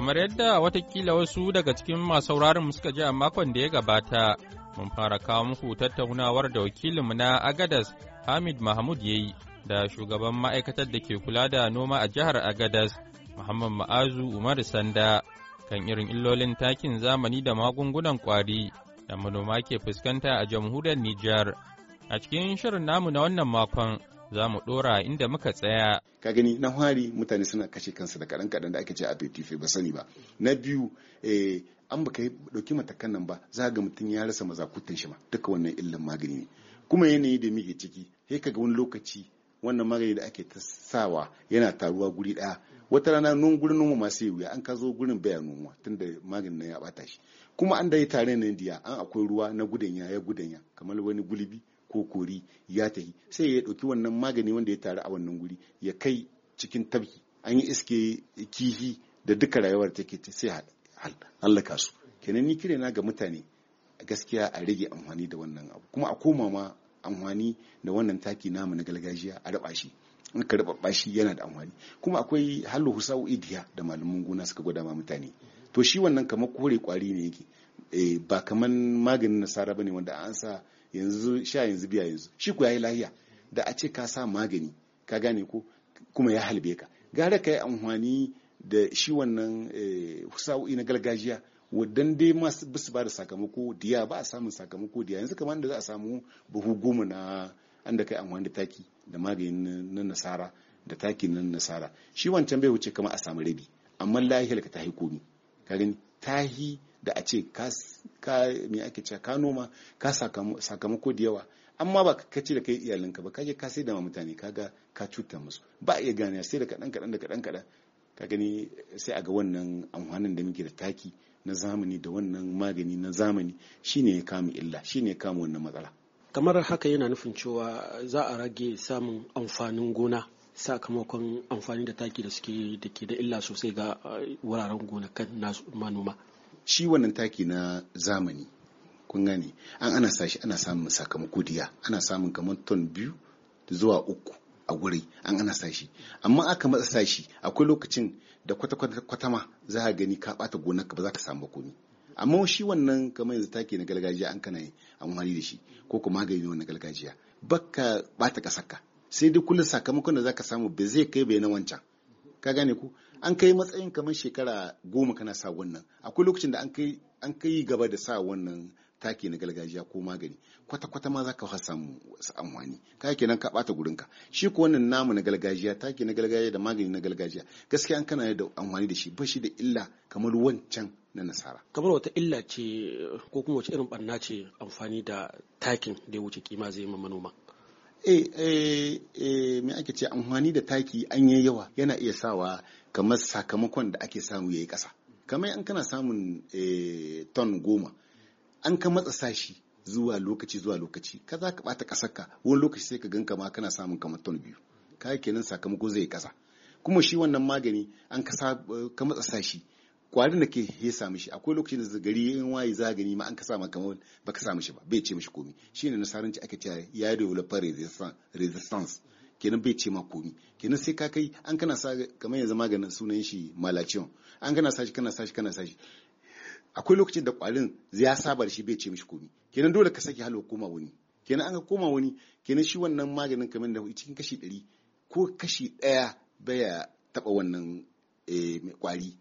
Kamar yadda watakila wasu daga cikin mu suka ji a makon da ya gabata, mun fara kawo muku tattaunawar da wakilinmu na Agadas Hamid Mahmud ya yi da shugaban ma'aikatar da ke kula da noma a jihar Agadas, Muhammad Ma'azu Umar Sanda, kan irin illolin takin zamani da magungunan kwari da manoma ke fuskanta a jamhuriyar Nijar. A cikin shirin namu na wannan makon, za mu ɗora inda muka tsaya. Ka gani na hari mutane suna kashe kansu da kaɗan kaɗan da ake ce apetife ba sani ba. Na biyu eh, an baka ɗauki matakan nan ba za ga mutum ya rasa mazakutan shi ma duka wannan illan magani ne. Kuma yanayi da muke ciki sai ka ga wani lokaci wannan magani da ake ta sawa yana taruwa guri ɗaya. Wata rana nun gurin noma masu yi wuya an ka zo gurin baya noma tunda maganin nan ya bata shi. Kuma an da yi tare na indiya an akwai ruwa na gudanya ya gudanya kamar wani gulbi ko kori ya tahi sai ya ɗauki wannan magani wanda ya taru a wannan guri ya kai cikin tabki an yi iske kihi da duka rayuwar take sai hallaka su kenan ni kire na ga mutane gaskiya a rage amfani da wannan abu kuma a koma ma amfani da wannan taki namu na gargajiya a raba shi in ka raba shi yana da amfani kuma akwai hallu husau idiya da malaman gona suka gwada ma mutane to shi wannan kamar kore kwari ne yake eh, ba kamar maganin nasara bane wanda an sa yanzu sha yanzu biya yanzu shi ku yayi lahiya da a ce ka sa magani ka gane ko kuma ya halbe ka gara ka yi amfani da shi wannan eh, sa'o'i na gargajiya wadan dai masu bisu ba da sakamako diya ba a samun sakamako diya yanzu kamar da za a samu buhu goma na an da kai amfani da taki da maganin na nasara da taki na nasara shi wancan bai wuce kamar a samu rabi amma lahiyar ka tahi komi ka gani tahi da a ce ka me ake cewa ka noma ka sakamako da yawa amma ba ka ce da kai iyalinka ba kaje ka sai da mutane kaga ka cuta musu ba iya gane sai da kadan kadan da kadan kadan ka gani sai a ga wannan amfanin da muke da taki na zamani da wannan magani na zamani shine ya kama illa shine ya kama wannan matsala kamar haka yana nufin cewa za a rage samun amfanin gona sakamakon amfani da taki da suke da ke da illa sosai ga uh, wuraren gonakan manoma shi wannan taki na zamani kun gane an ana sashi ana samun sakamako diya ana samun kamar ton biyu zuwa uku a guri an ana sashi amma aka matsa sashi akwai lokacin da kwata-kwata ma za a gani ka bata gonar ka ba za ka samu komi amma shi wannan kamar yanzu taki na gargajiya an kana amfani da shi ko kuma magani wannan gargajiya baka bata kasaka sai dai kullum sakamakon da za ka samu ba zai kai bai na wancan ka gane ku an kai matsayin kamar shekara goma kana sa wannan akwai lokacin da an kai gaba da sa wannan taki na gargajiya ko magani kwata-kwata ma za ka samu wasu amfani ka kenan ka bata gurinka shi ko wannan namu na gargajiya taki na gargajiya da magani na gargajiya gaskiya an kana da amfani da shi ba shi da illa kamar wancan na nasara kamar wata illa ce ko kuma wace irin barna ce amfani da takin da ya wuce kima zai ma manoma eh e me ake ce amfani da taki an yi yawa yana iya sawa kamar sakamakon da ake samu yayi kasa kamar an kana samun eh, ton goma an ka matsa sashi zuwa lokaci zuwa lokaci ka za ka ɓata ka wani lokaci sai ka ganka ma kana samun kamar ton biyu kaya kenan sakamako zai yi kasa kuma shi wannan magani an ka matsa sashi kwarin da ke ya sami shi akwai lokacin da gari in waye za gani ma an ka sama kamar baka sami shi ba bai ce mishi komi shine nasaranci ake cewa ya develop resistance kenan bai ce ma komi kenan sai ka kai an kana sa kamar yanzu maganin sunan shi malachion an kana sa shi kana sa shi kana sa shi akwai lokacin da kwarin ya saba da shi bai ce mishi komi kenan dole ka saki halo koma wani kenan an ka koma wani kenan shi wannan maganin kamar da cikin kashi 100 ko kashi ɗaya baya taɓa wannan eh, kwari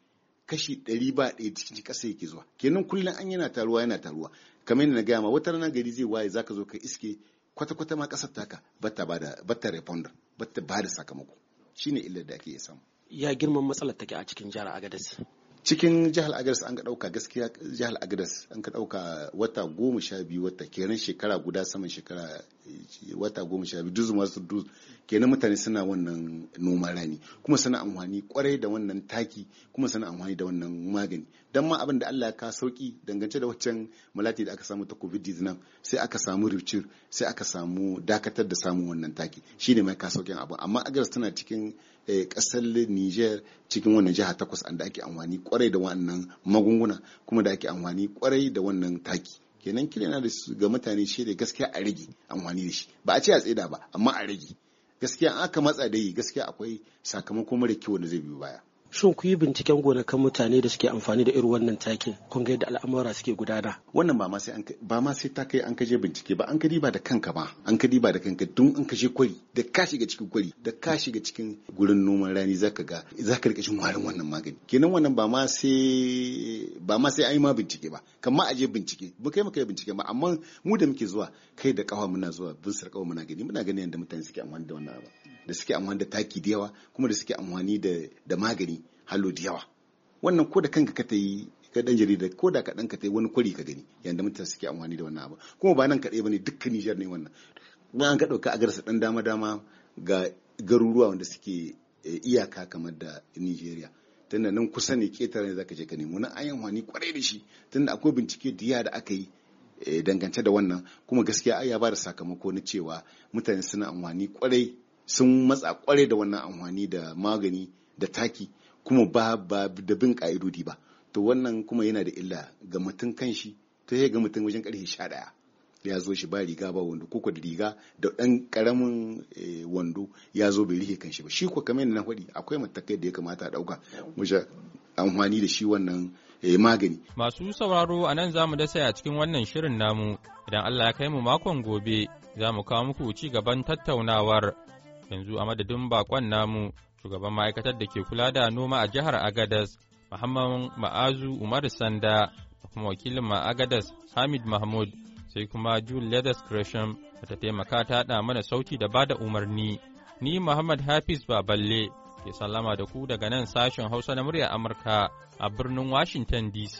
kashi ɗari ba ɗaya cikin ƙasa yake zuwa kenan kullum an yana taruwa yana taruwa kamar yadda na gaya ma wata rana gari zai waye zaka zo ka iske kwata-kwata ma ƙasar taka bata bada bata responder bata bada sakamako shine illar da ake samu ya girman matsalar take a cikin jihar agadez cikin jihar agadas an ka dauka gaskiya jihar agadas an ka dauka wata goma sha biyu wata kenan shekara guda saman shekara wata goma sha biyu duzu masu duzu kenan mutane suna wannan noma rani kuma suna amfani kwarai da wannan taki kuma suna amfani da wannan magani dan ma abin da Allah ya ka sauki dangance da waccan malati da aka samu ta covid-19 sai aka samu rifcir sai aka samu dakatar da samun wannan taki shine mai ka saukin abu amma agadas tana cikin Eh, kasar Niger cikin wannan jiha takwas da ake amfani kwarai da wannan magunguna kuma da ake amfani kwarai da wannan taki kenan kila na da ga mutane shi da gaskiya a rage amfani da shi ba a ce a tsida ba amma a rage gaskiya aka matsa da yi gaskiya akwai sakamako mara kyau da zai biyo baya shin ku yi binciken gonakan mutane da suke amfani da irin wannan takin kun ga yadda al'amura suke gudana wannan ba ma sai an ba ma sai ta kai an kaje bincike ba an kadi ba da kanka ba an kadi ba da kanka dun an kashe kwari da ka shiga cikin kwari da ka shiga cikin gurin noman rani zaka ga zaka rika jin warin wannan magani kenan wannan ba ma sai ba ma sai an yi ma bincike ba kamar aje bincike ba kai muka kai bincike ba amma mu da muke zuwa kai da kawa muna zuwa bin sarkawa muna gani muna ganin yadda mutane suke amfani da wannan abu da suke amfani da taki da yawa kuma da suke amfani da magani halo da yawa wannan ko da kanka ka ta yi ka dan jarida ko da ka dan ka tai wani kwari ka gani yanda mutane suke amfani da wannan abu kuma ba nan kadai bane dukkan Niger ne wannan an ka dauka agarsa dan dama dama ga garuruwa wanda suke eh, iyaka kamar da Nigeria tunda nan kusa ne ketare ne zaka je ka nemo nan ayan wani kwarai da shi tunda akwai bincike diya da aka yi eh, dangance da wannan kuma gaskiya ai ya ba da sakamako na cewa mutane suna amfani kwarai sun matsa kware da wannan amfani da magani da taki kuma ba da bin ka'idodi ba to wannan kuma yana da illa ga mutum kanshi to sai ga mutum wajen karfe sha daya ya zo shi ba riga ba wando ko da riga da ɗan ƙaramin eh, wando ya zo bai kan kanshi ba shi ko kamar na faɗi akwai matakai da ya kamata a ɗauka wajen amfani da shi wannan eh, magani. Masu sauraro a nan za mu dasa a cikin wannan shirin namu idan Allah ya kai mu makon gobe za mu kawo muku ci gaban tattaunawar yanzu a madadin bakon namu shugaban ma'aikatar da ke kula da noma a jihar agadas muhammad ma'azu umar sanda da kuma wakilin agadas hamid mahmud sai kuma jule gresham da ta taimaka ta da mana sauti da bada umarni ni muhammad hafiz baballe ke sallama da ku daga nan sashen hausa na murya amurka a birnin washington dc